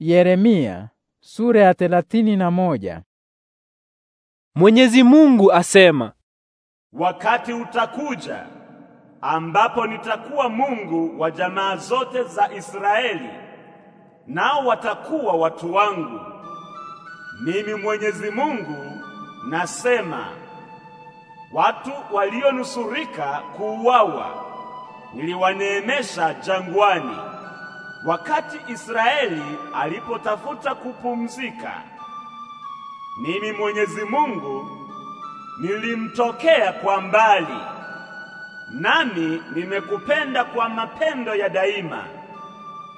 Yeremia sura ya thelathini na moja. Mwenyezi Mungu asema, wakati utakuja ambapo nitakuwa Mungu wa jamaa zote za Israeli, nao watakuwa watu wangu. Mimi Mwenyezi Mungu nasema, watu walionusurika kuuawa niliwaneemesha jangwani wakati Israeli alipotafuta kupumzika, mimi Mwenyezi Mungu nilimtokea kwa mbali, nami nimekupenda kwa mapendo ya daima.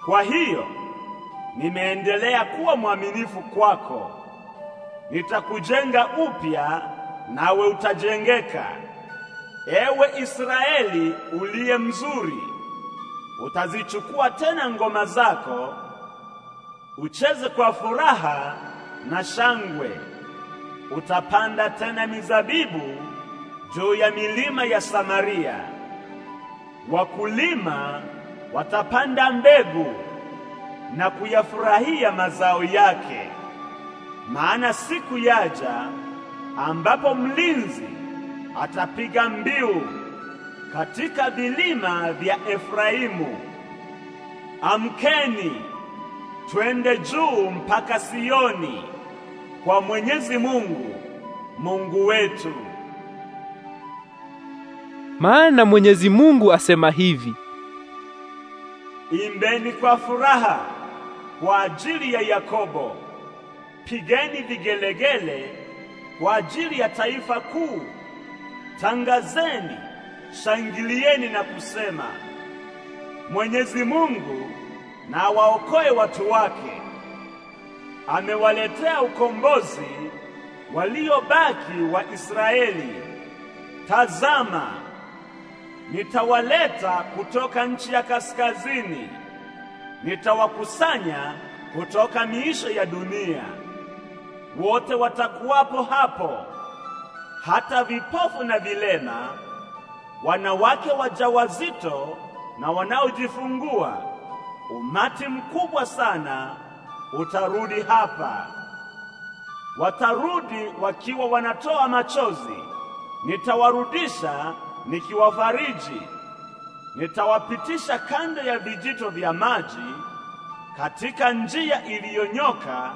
Kwa hiyo nimeendelea kuwa mwaminifu kwako, nitakujenga upya nawe utajengeka, ewe Israeli uliye mzuri utazichukua tena ngoma zako ucheze kwa furaha na shangwe. Utapanda tena mizabibu juu ya milima ya Samaria, wakulima watapanda mbegu na kuyafurahia mazao yake, maana siku yaja ambapo mlinzi atapiga mbiu katika vilima vya Efraimu. Amkeni, twende juu mpaka Sioni, kwa Mwenyezi Mungu, Mungu wetu. Maana Mwenyezi Mungu asema hivi: Imbeni kwa furaha kwa ajili ya Yakobo, pigeni vigelegele kwa ajili ya taifa kuu, tangazeni shangilieni na kusema, Mwenyezi Mungu na waokoe watu wake, amewaletea ukombozi waliobaki wa Israeli. Tazama, nitawaleta kutoka nchi ya kaskazini, nitawakusanya kutoka miisho ya dunia. Wote watakuwapo hapo, hata vipofu na vilema wanawake wajawazito na wanaojifungua, umati mkubwa sana utarudi hapa. Watarudi wakiwa wanatoa machozi, nitawarudisha nikiwafariji. Nitawapitisha kando ya vijito vya maji katika njia iliyonyoka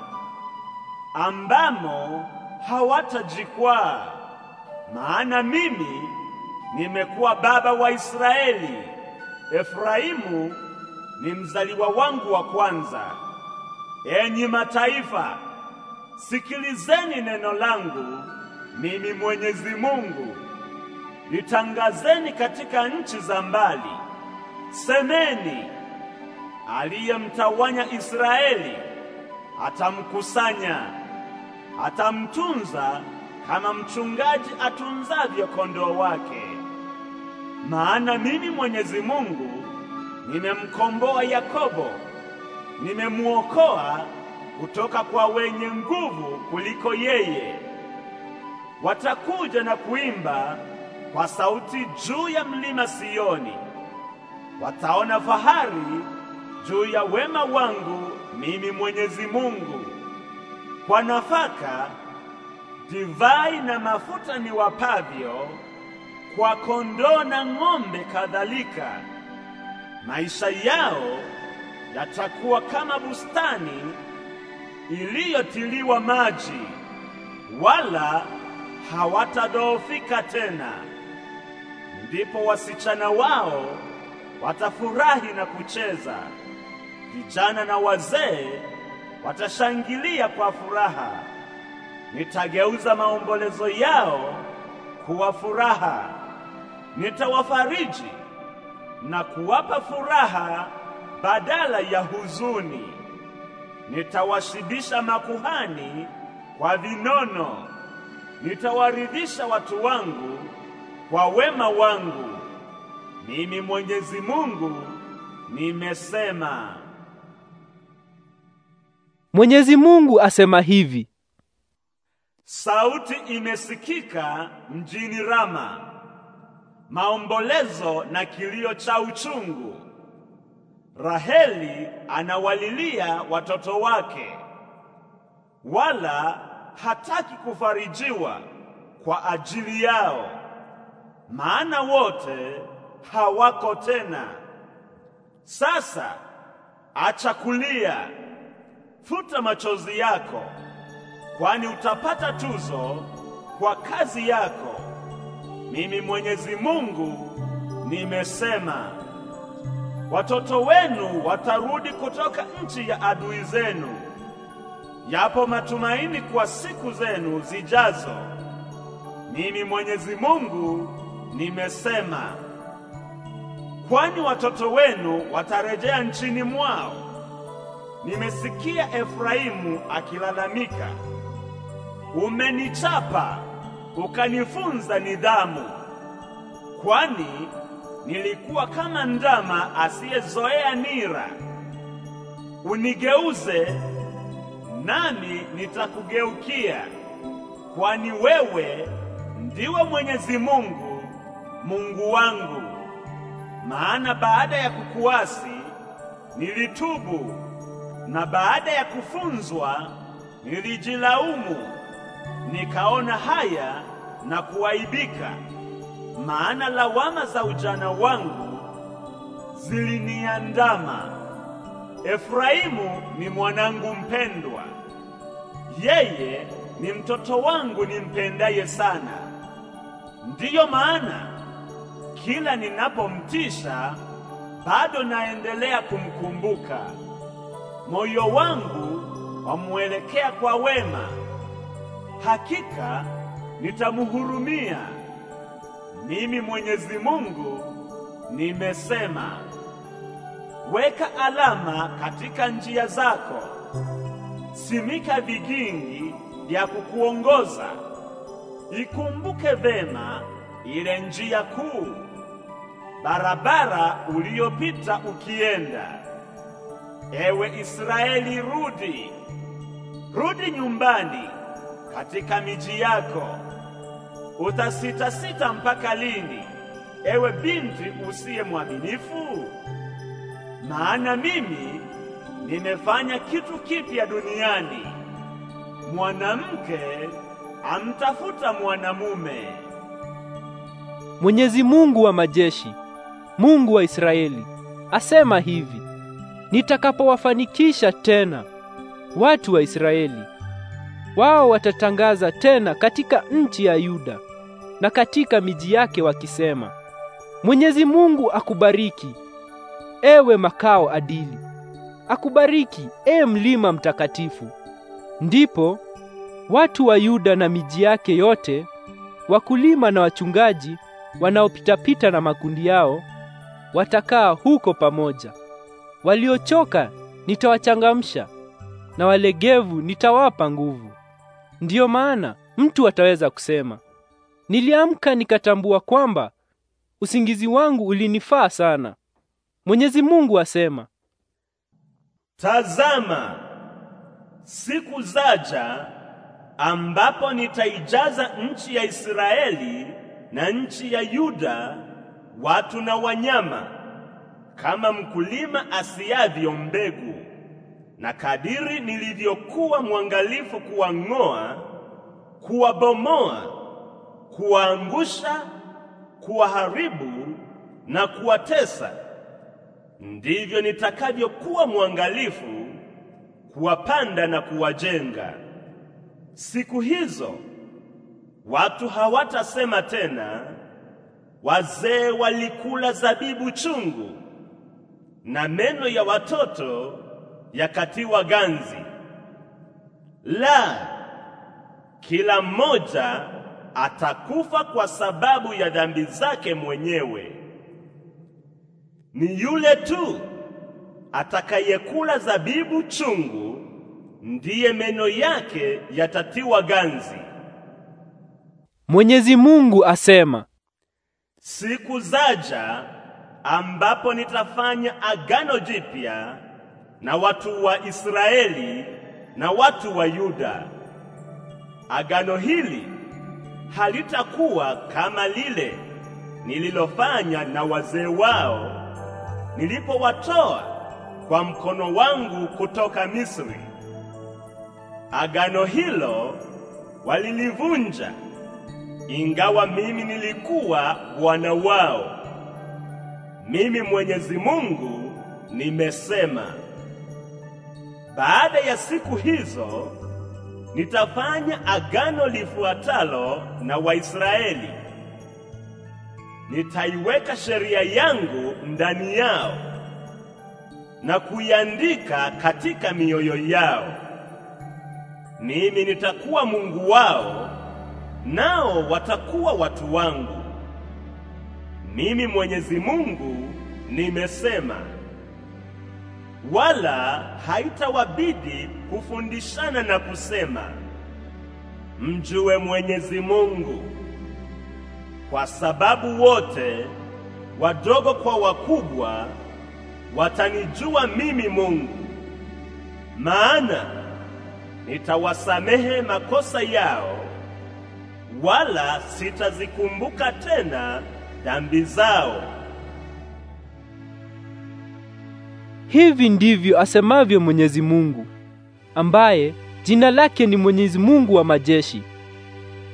ambamo hawatajikwaa, maana mimi nimekuwa baba wa Israeli, Efraimu ni mzaliwa wangu wa kwanza. Enyi mataifa, sikilizeni neno langu. Mimi Mwenyezi Mungu, litangazeni katika nchi za mbali, semeni, aliyemtawanya Israeli atamkusanya, atamtunza kama mchungaji atunzavyo kondoo wake. Maana mimi Mwenyezi Mungu nimemkomboa Yakobo, nimemuokoa kutoka kwa wenye nguvu kuliko yeye. Watakuja na kuimba kwa sauti juu ya mlima Sioni, wataona fahari juu ya wema wangu mimi Mwenyezi Mungu. Kwa nafaka, divai na mafuta ni wapavyo kwa kondoo na ng'ombe kadhalika. Maisha yao yatakuwa kama bustani iliyotiliwa maji, wala hawatadhoofika tena. Ndipo wasichana wao watafurahi na kucheza, vijana na wazee watashangilia kwa furaha. Nitageuza maombolezo yao kuwa furaha nitawafariji na kuwapa furaha badala ya huzuni. Nitawashibisha makuhani kwa vinono, nitawaridhisha watu wangu kwa wema wangu. Mimi Mwenyezi Mungu nimesema. Mwenyezi Mungu asema hivi: sauti imesikika mjini Rama maombolezo na kilio cha uchungu. Raheli anawalilia watoto wake, wala hataki kufarijiwa kwa ajili yao, maana wote hawako tena. Sasa acha kulia, futa machozi yako, kwani utapata tuzo kwa kazi yako. Mimi Mwenyezi Mungu nimesema, watoto wenu watarudi kutoka nchi ya adui zenu. Yapo matumaini kwa siku zenu zijazo. Mimi Mwenyezi Mungu nimesema. Kwani watoto wenu watarejea nchini mwao. Nimesikia Efraimu akilalamika, umenichapa ukanifunza nidhamu, kwani nilikuwa kama ndama asiyezoea nira. Unigeuze nami nitakugeukia, kwani wewe ndiwe Mwenyezi Mungu, Mungu wangu. Maana baada ya kukuasi nilitubu, na baada ya kufunzwa nilijilaumu. Nikaona haya na kuaibika, maana lawama za ujana wangu ziliniandama. Efraimu ni mwanangu mpendwa, yeye ni mtoto wangu nimpendaye sana. Ndiyo maana kila ninapomtisha bado naendelea kumkumbuka. Moyo wangu wamuelekea kwa wema hakika nitamuhurumia. Mimi Mwenyezi Mungu nimesema. Weka alama katika njia zako, simika vigingi vya kukuongoza. Ikumbuke vema ile njia kuu, barabara uliyopita ukienda. Ewe Israeli, rudi, rudi nyumbani katika miji yako. Utasitasita mpaka lini, ewe binti usiye mwaminifu? Maana mimi nimefanya kitu kipya duniani, mwanamke amtafuta mwanamume. Mwenyezi Mungu wa majeshi, Mungu wa Israeli, asema hivi: Nitakapowafanikisha tena watu wa Israeli wao watatangaza tena katika nchi ya Yuda na katika miji yake wakisema, Mwenyezi Mungu akubariki ewe makao adili, akubariki e mlima mtakatifu. Ndipo watu wa Yuda na miji yake yote, wakulima na wachungaji wanaopitapita na makundi yao, watakaa huko pamoja. Waliochoka nitawachangamsha na walegevu nitawapa nguvu. Ndiyo maana mtu ataweza kusema, niliamka nikatambua kwamba usingizi wangu ulinifaa sana. Mwenyezi Mungu asema, tazama, siku zaja ambapo nitaijaza nchi ya Israeli na nchi ya Yuda watu na wanyama, kama mkulima asiyavyo mbegu na kadiri nilivyokuwa mwangalifu kuwang'oa, kuwabomoa, kuwaangusha, kuwaharibu na kuwatesa, ndivyo nitakavyokuwa mwangalifu kuwapanda na kuwajenga. Siku hizo watu hawatasema tena, wazee walikula zabibu chungu, na meno ya watoto yakatiwa ganzi. La, kila mmoja atakufa kwa sababu ya dhambi zake mwenyewe. Ni yule tu atakayekula zabibu chungu ndiye meno yake yatatiwa ganzi. Mwenyezi Mungu asema, siku zaja ambapo nitafanya agano jipya na watu wa Israeli na watu wa Yuda. Agano hili halitakuwa kama lile nililofanya na wazee wao nilipowatoa kwa mkono wangu kutoka Misri. Agano hilo walilivunja, ingawa mimi nilikuwa Bwana wao. Mimi Mwenyezi Mungu nimesema. Baada ya siku hizo nitafanya agano lifuatalo na Waisraeli. Nitaiweka sheria yangu ndani yao na kuiandika katika mioyo yao. Mimi nitakuwa Mungu wao, nao watakuwa watu wangu. Mimi Mwenyezi Mungu nimesema wala haitawabidi kufundishana na kusema mjue Mwenyezi Mungu, kwa sababu wote wadogo kwa wakubwa watanijua mimi Mungu, maana nitawasamehe makosa yao wala sitazikumbuka tena dhambi zao. Hivi ndivyo asemavyo Mwenyezi Mungu ambaye jina lake ni Mwenyezi Mungu wa majeshi,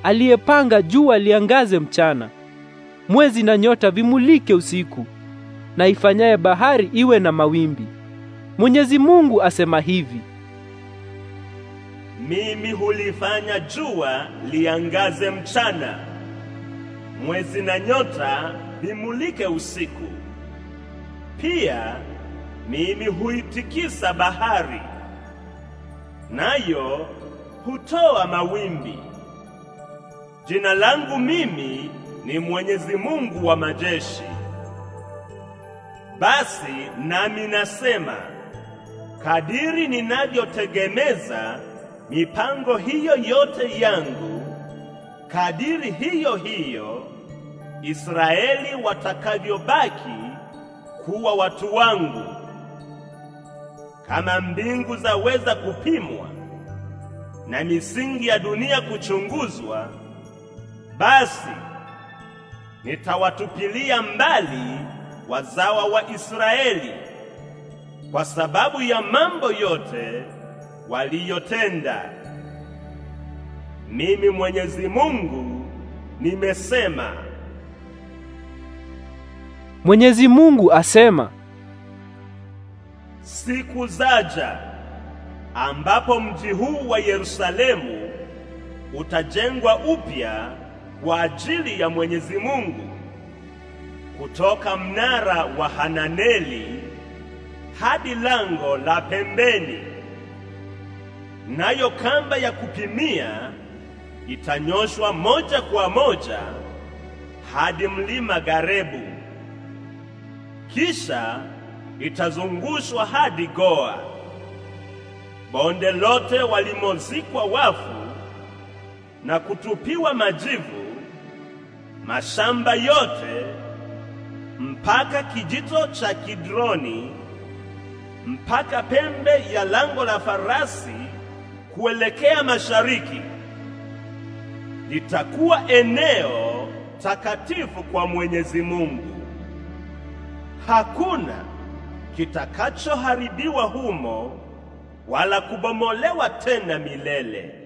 aliyepanga jua liangaze mchana, mwezi na nyota vimulike usiku, na ifanyaye bahari iwe na mawimbi. Mwenyezi Mungu asema hivi: mimi hulifanya jua liangaze mchana, mwezi na nyota vimulike usiku, pia mimi huitikisa bahari, nayo hutoa mawimbi. Jina langu mimi ni Mwenyezi Mungu wa majeshi. Basi nami nasema, kadiri ninavyotegemeza mipango hiyo yote yangu, kadiri hiyo hiyo Israeli watakavyobaki kuwa watu wangu kama mbingu zaweza kupimwa na misingi ya dunia kuchunguzwa, basi nitawatupilia mbali wazawa wa Israeli kwa sababu ya mambo yote waliyotenda. Mimi Mwenyezi Mungu nimesema. Mwenyezi Mungu asema siku zaja ambapo mji huu wa Yerusalemu utajengwa upya kwa ajili ya Mwenyezi Mungu kutoka mnara wa Hananeli hadi lango la pembeni, nayo kamba ya kupimia itanyoshwa moja kwa moja hadi mlima Garebu. Kisha itazungushwa hadi Goa. Bonde lote walimozikwa wafu na kutupiwa majivu, mashamba yote mpaka kijito cha Kidroni, mpaka pembe ya lango la farasi kuelekea mashariki, litakuwa eneo takatifu kwa Mwenyezi Mungu. Hakuna kitakachoharibiwa humo wala kubomolewa tena milele.